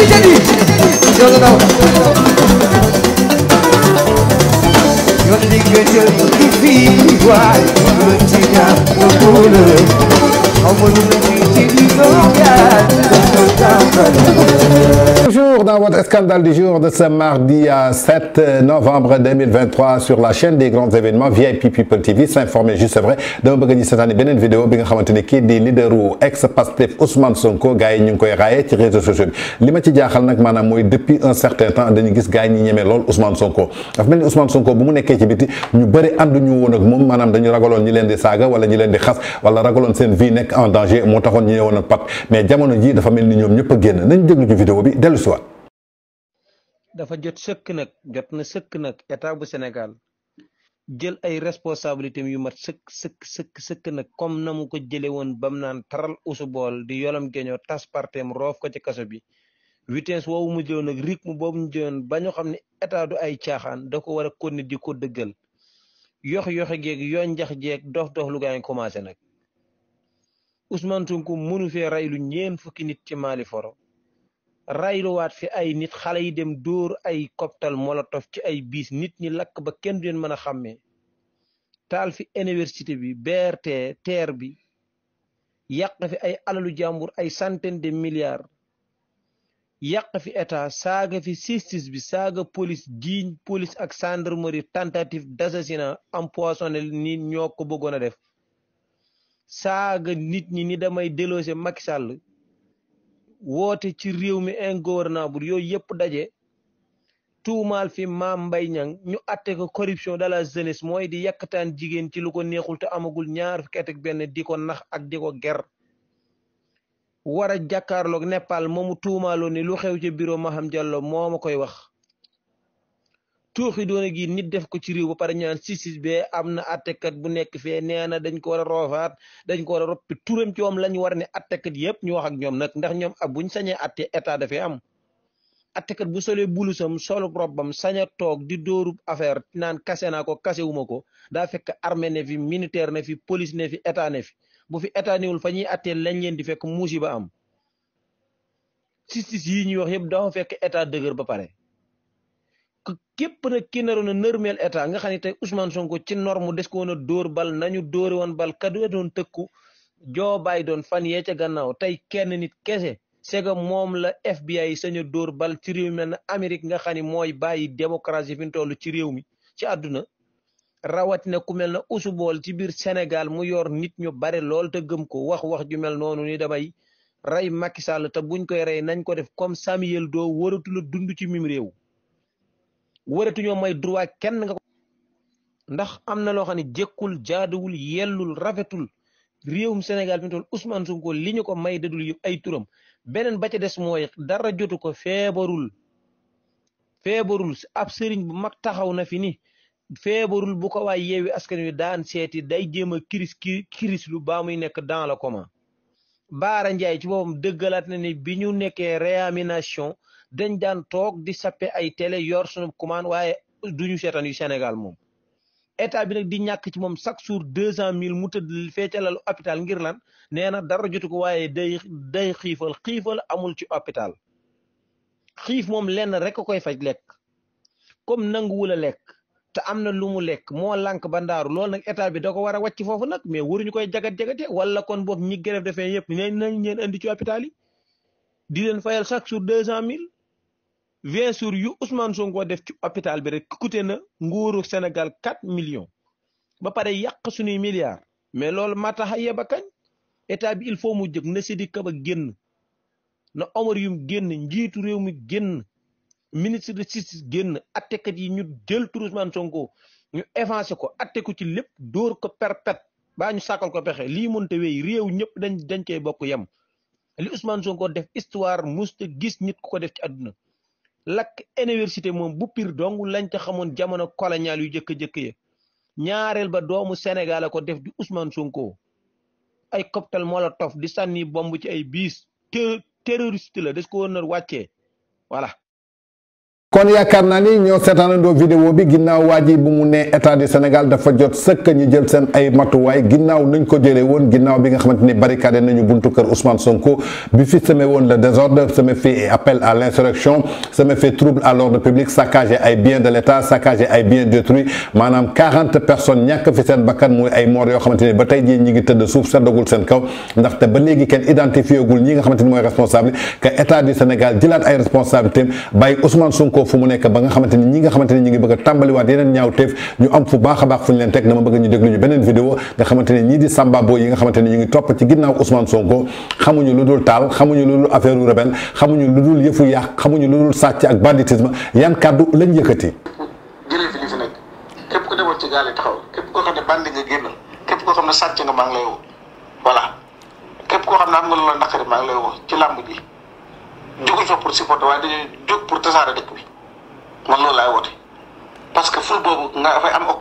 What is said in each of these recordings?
đi chết đi chưa đâu gần đi người chơi đi. phi hoài luôn chỉ nhà của cô lời họ muốn đi chỉ đi gió cả Toujours dans votre scandale du jour de ce mardi 7 novembre 2023 sur la chaîne des grands événements VIP People TV s'informer juste vrai dama bëgg ñu seetaani une vidéo bi nga xamante ni di leaderu ex Pastef Ousmane Sonko gars yi ñu sur koy ci réseaux sociaux bi li ma ci jaaxal nag depuis un certain temps dañu gis gars yi ñi ñemee lool Ousmane Sonko dafa mel ni Ousmane Sonko bu mu nekkee ci biti ñu de ànduñu woon ak moom maanaam dañu ragaloon ñi leen di saaga wala ñi leen di xas wala ragaloon seen vie nekk en danger moo taxoon ñu ñëwoon ak pat mais jamono ji dafa mel ni ñoom ñëpp a génn nañ déglu ci vidéo bi dellu siwaat dafa jot sëkk nag jot na sëkk nag état bu Sénégal jël ay responsabilités yu mat sëkk sëkk sëkk sëkk nag comme na ko jële woon bam naan taral usu bool di yolam géñoo tas roof ko ci bi vitesse mu rythme ñu état du ay da ko di ko dëggal yox yoxe geeg yoon njax jeeg dof dof lu gaa commencé Ousmane Sonko mënu fee raylu ñeen fukki nit ci Mali foro rayluwaat fi ay nit xale yi dem dóor ay cocktail molotov ci ay biis nit ñi lakk ba kenn du leen mën a xàmmee taal fi université bi BRT TER bi yàq fi ay alalu jàmbur ay centaine de milliards yàq fi état saaga fi justice bi saaga police jiiñ police ak gendarmerie tentative d' assassinat empoisonné ni ñoo ko bëggoon a def saaga nit ñi ni damay déloger Macky woote ci réew mi ingouvernable yooyu yëpp daje tuumaal fi maam Mbaye Niang ñu atte ko corruption de la jeunesse mooy di yàkkataan jigéen ci lu ko neexul te amagul ñaar fukki at benn di ko nax ak di ko ger war a jàkkaarloog Népal moomu tuumaaloo ni lu xew ci bureau Maham Diallo moo ma koy wax tooxi doona gi nit def ko ci réew ba pare ñaan si si bee am na attekat bu nekk fee nee na dañ ko war a roofaat dañ ko war a roppi ci moom la ñu war ne attekat yëpp ñu wax ak ñoom nag ndax ñoom ab buñ sañee atte état dafee am attekat bu solee bulusam solub robbam sañ a toog di dóorub affaire naan kase naa ko kase wuma ko daa fekk armée ne fi militaire ne fi police ne fi état ne fi bu fi état newul fa ñuy attee lañ leen di fekk muusi ba am justice yi ñuy wax yëpp dafa fekk état dëgër ba pare képp nag ki naroon a nërmeel état nga xam ne tey Ousmane ko ci norme des ko woon a dóor bal nañu dóore woon bal kaddu doon tëkku Joe Biden fan yee ca gannaaw tey kenn nit kese c'est que moom la FBI yi sañ a dóor bal ci réew mel na Amérique nga xam ne mooy bàyyi démocratie fi mu toll ci réew mi ci àdduna rawatina ku mel ne Ousmane ci biir Sénégal mu yor nit ñu bare lool te gëm ko wax wax ju mel noonu ni damay rey Macky Sall te buñ koy rey nañ ko def comme Samuel Doe waratul a dund ci mim réew. waratuñoo may droit kenn nga ko ndax am na loo xam ne jékkul jaaduwul yellul rafetul réewum Sénégal fi mu toll Ousmane Sonko li ñu ko may dadul yëpp ay turam beneen ba ca des mooy dara jotu ko feebarul ab sëriñ bu mag taxaw na fi ni feebarul bu ko waay yeewi askan wi daan seeti day jéem a kiris kiris lu baa muy nekk dans le coma Baara Ndiaye ci boppam dëggalaat na ni bi ñu nekkee réamination dañ daan toog di sappe ay télé yor sunu commande waaye duñu seetaan yu Sénégal moom état bi nag di ñàkk ci moom chaque jour deux cent mille mu tëdd feecalal hôpital ngir lan nee na dara jotu ko waaye day day xiifal xiifal amul ci hôpital xiif moom lenn rek a koy faj lekk comme nanguwul a lekk te am na lu mu lekk moo lank ba ndaaru loolu nag état bi da ko war a wàcc foofu nag mais waruñu koy jagat-jagate wala kon boog ñi grève defee yëpp nañ nañ leen andi ci hôpital yi di jour deux cent mille weesur yu Ousmane Sonko def ci hôpital bi rek coûté na nguuru Sénégal 4 million ba pare yàq suñuy milliards mais loolu mataxa yeba kañ état bi il faut mu jëg na ka ba génn na Omar Youm génn njiitu réew mi génn ministre de justice génn attekat yi ñu jël tur Ousmane Sonko ñu évancé ko atte ko ci lépp dóor ko perpète baa ñu sàkkal ko pexe lii mënta wéy réew ñëpp dañ dañ cey bokk yem li Ousmane Sonko def histoire musta gis nit ku ko def ci àdduna lakk université moom bu piir dong lañ ca xamoon jamono colonial yu jëkk-jëkk ya ñaareel ba doomu Sénégal a ko def di Ousmane Sonko ay cocktail molotov di sànni bomb ci ay bis te terroriste la des ko war wàccee voilà kon yaakaar naa ni ñoo seetaanandoo vidéo bi ginnaw waji bu mu né état du Sénégal dafa jot sëkk ñu jël sen ay matu way ginnaw nañ ko jëlee won ginnaw bi nga xamanteni barricade nañu buntu kër Ousmane Sonko bi fi semé won le désordre semé fait appel à l'insurrection semé fait trouble à l'ordre public saccagé ay biens de l'État saccagé ay biens détruits manam 40 personnes ñak fi sen bakkan moy ay mort yo xamanteni ba tay ji ñi ngi teud suuf seddagul sen kaw ndax ndaxte ba légui kenn identifié gul ñi nga xamanteni moy responsable que état du Sénégal jëlaat ay responsabilités bay Ousmane Sonko ko fu mu nekk ba nga xamante ni ñi nga xamante ni ñi ngi bëgg a tàmbaliwaat yeneen ñaaw teef ñu am fu baax a baax fu ñu leen teg dama bëgg ñu déglu ñu beneen vidéo nga xamante ne di Samba Boy yi nga xamante ñu ngi topp ci ginnaaw Ousmane Sonko xamuñu lu dul taal xamuñu lu dul affaire u rebelle xamuñu lu dul yëfu yàq xamuñu lu dul sàcc ak banditisme yan kàddu lañ yëkkati jëlee fi demoon ci gaal taxaw képp koo xam ne bandi nga génn képp koo xam ne sàcc jóguñ fa pour supporter waaye dañuy jóg pour tasaare dëkk bi man loolu laay woote parce que ful nga am ok.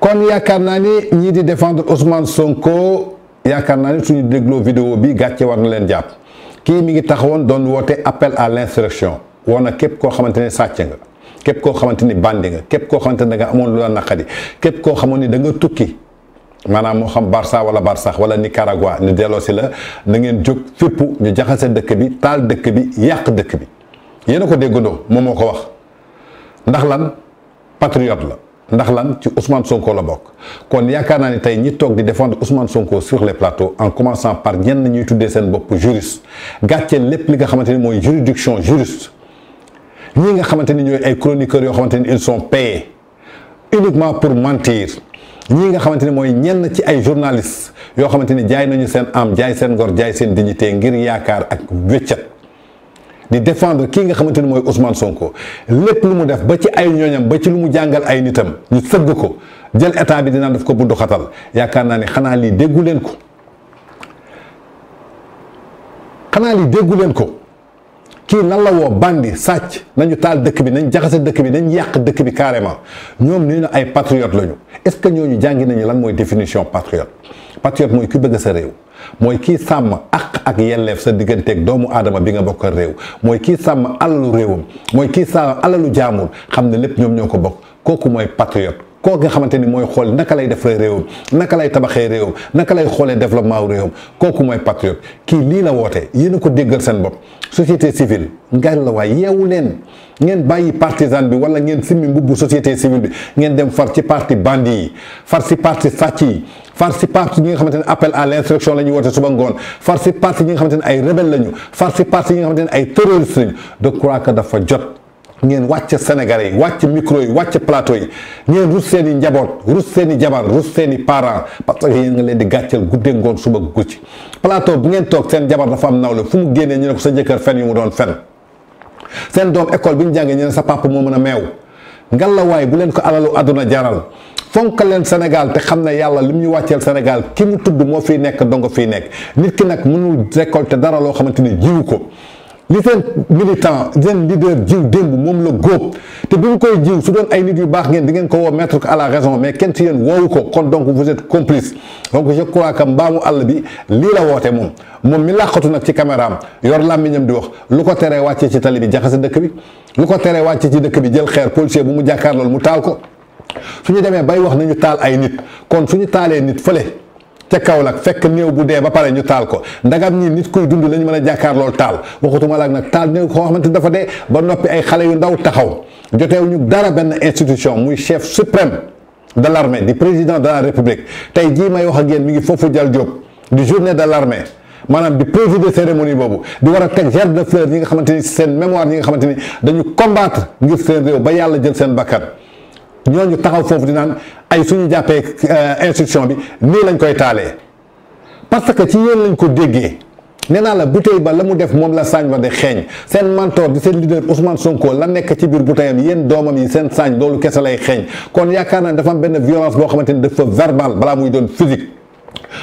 kon yaakaar naa ni ñii di défendre Ousmane Sonko yaakaar naa ni suñu dégloo vidéo bi gàcce war na leen jàpp kii mi ngi taxawoon doon woote appel à l'insurrection woo na képp koo xamante ne sàcc nga képp koo xamante ni bandi nga képp koo xamante ne da nga amoon lu la naqari képp koo xamoon ni da nga tukki. manam xam Barça wala barça wala Nicaragua ni delloosi la na ngeen jóg fépp ñu jaxase dekk bi tal dekk bi yàq dekk bi y a ko déggandoo wax ndax lan patriote la ndax lan ci Ousmane Sonko la bok kon yakarna ni défendre Ousmane Sonko sur les plateaux en commençant par ñen ñuy qui sen bop juriste gatché lepp li nga juridiction juriste ñi nga ñoy ay chroniqueurs ils sont payés uniquement pour mentir ñi nga xamante ne mooy ñenn ci ay journalistes yoo xamante ni jaay nañu seen am jaay seen ngor jaay seen dignité ngir yaakaar ak wéccat di défendre kii nga xamante ni mooy Ousmane Sonko lépp lu mu def ba ci ay ñooñam ba ci lu mu jàngal ay nitam ñu sëgg ko jël état bi dinaan def ko bundu xatal yaakaar naa ne xanaa lii déggu leen ko xanaa lii déggu leen ko. kii nan la woo bandi sàcc nañu taal dëkk bi nañ jaxase dëkk bi nañ yàq dëkk bi carrément ñoom nee na ay patriote lañu est-ce que ñooñu jàngi nañu lan mooy définition patriote patriote mooy ki bëgg sa réew mooy kii sàmm àq ak yelleef sa digganteeg doomu aadama bi nga bokk réew mooy kii sàmm alalu réewam mooy kii sàmm alalu jaamur xam ne lépp ñoom ñoo ko bokk kooku mooy patriote koo nga xamante ni mooy xool naka lay def réewam naka lay tabaxee réewam naka lay xoolee développement réewam kooku mooy patriote kii lii la woote yéen a ko déggal seen bopp société civile ngan la waay yeewu leen ngeen bàyyi partisan bi wala ngeen simmi mbubbu société civile bi ngeen dem far ci parti bandi yi far ci parti sàcc yi far ci parti ñi nga xamante ne appel à l'insurrection la ñuy woote suba ngoon far ci parti ñi nga xamante ne ay rebelle lañu far ne ay terroriste lañu de croire ngeen wàcc Sénégalais yi wàcc micro yi wàcc plateau yi ngeen rus seen i njaboot rus seen i jabar rus seeni i parents parce que yéen nga leen di gàcceel guddee ngoon suba ci plateau bu ngeen toog seen jabar dafa am nawle fu mu génnee ñu ne ko sa jëkkër yu mu doon fen seen doom école bi ñu jàngee ñu sa papa moo mën a meew ngalawaay bu leen ko alalu àdduna jaral fonk leen Sénégal te xam ne yàlla li mu ñu wàcceel Sénégal ki mu tudd moo fiy nekk dongo fiy nekk nit ki nag mënul récolter dara loo xamante ni jiwu ko li seen militant seen leader jiw démb moom la góob te bi mu koy jiw su doon ay nit yu baax ngeen di ngeen ko woo mettre ko à la raison mais kenn ci yéen woowu ko kon donc vous êtes complice donc je crois que mbaamu àll bi lii la woote moom moom mi làqatu nag ci caméraam yor làmmiñam di wax lu ko teree wàccee ci tali bi jaxase dëkk bi lu ko teree wàccee ci dëkk bi jël xeer policier bu mu jàkkaar loolu mu taal ko su ñu demee bay wax nañu taal ay nit kon su ñu taalee nit fële ca Kaolack fekk néew bu dee ba pare ñu taal ko ndagam ñi nit kuy dund lañ mën a jàkkaar lool taal waxutuma laak nag taal néew koo xamante dafa dee ba noppi ay xale yu ndaw taxaw joteew ñu dara benn institution muy chef suprême de l'armée di président de la république tey jii may wax ak yéen mi ngi foofu jal Diop di journée de l'armée maanaam di présider cérémonie boobu di war a teg germe de fleur ñi nga xamante ni seen mémoire ñi nga xamante ni dañu combattre ngir seen ba yàlla jël seen bakkan ñooñu taxaw foofu di naan ay suñu jàppee euh, instruction bi nii lañ koy taalee parce que ci yéen lañ ko déggee nee naa la bouteille ba la mu def moom la saañ ba de xeeñ seen mentor di seen leader Ousmane Sonko la nekk ci biir bouteille am yéen doomam yi seen saañ loolu kese lay xeeñ kon yaakaar naa dafa am benn violence boo xamante ni dafa verbal balaa muy doon physique.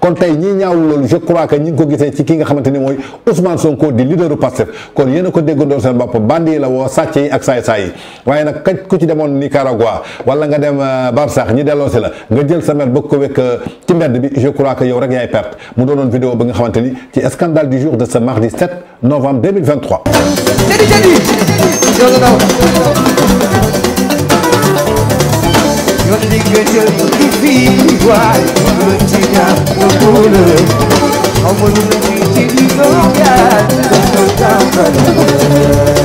kon tey ñii ñaawul loolu je crois que ñi ngi ko gisee ci kii nga xamante ni mooy Ousmane Sonko di leaderu Pastef kon yéen a ko déggandoo seen bopp bandi yi la woo sàcc yi ak saay-saay yi waaye nag kañ ku ci demoon Nicaragua wala nga dem euh, Barsax ñi delloo si la nga jël sa mer bëgg ko wekk euh, ci mbedd bi je crois que yow rek yaay perte mu doonoon vidéo bi nga xamante ni ci scandale du jour de ce mardi 7 novembre yoon di nga jël di fii waay mën ci ñaar ma góole xaw ma nu ci di doon yaay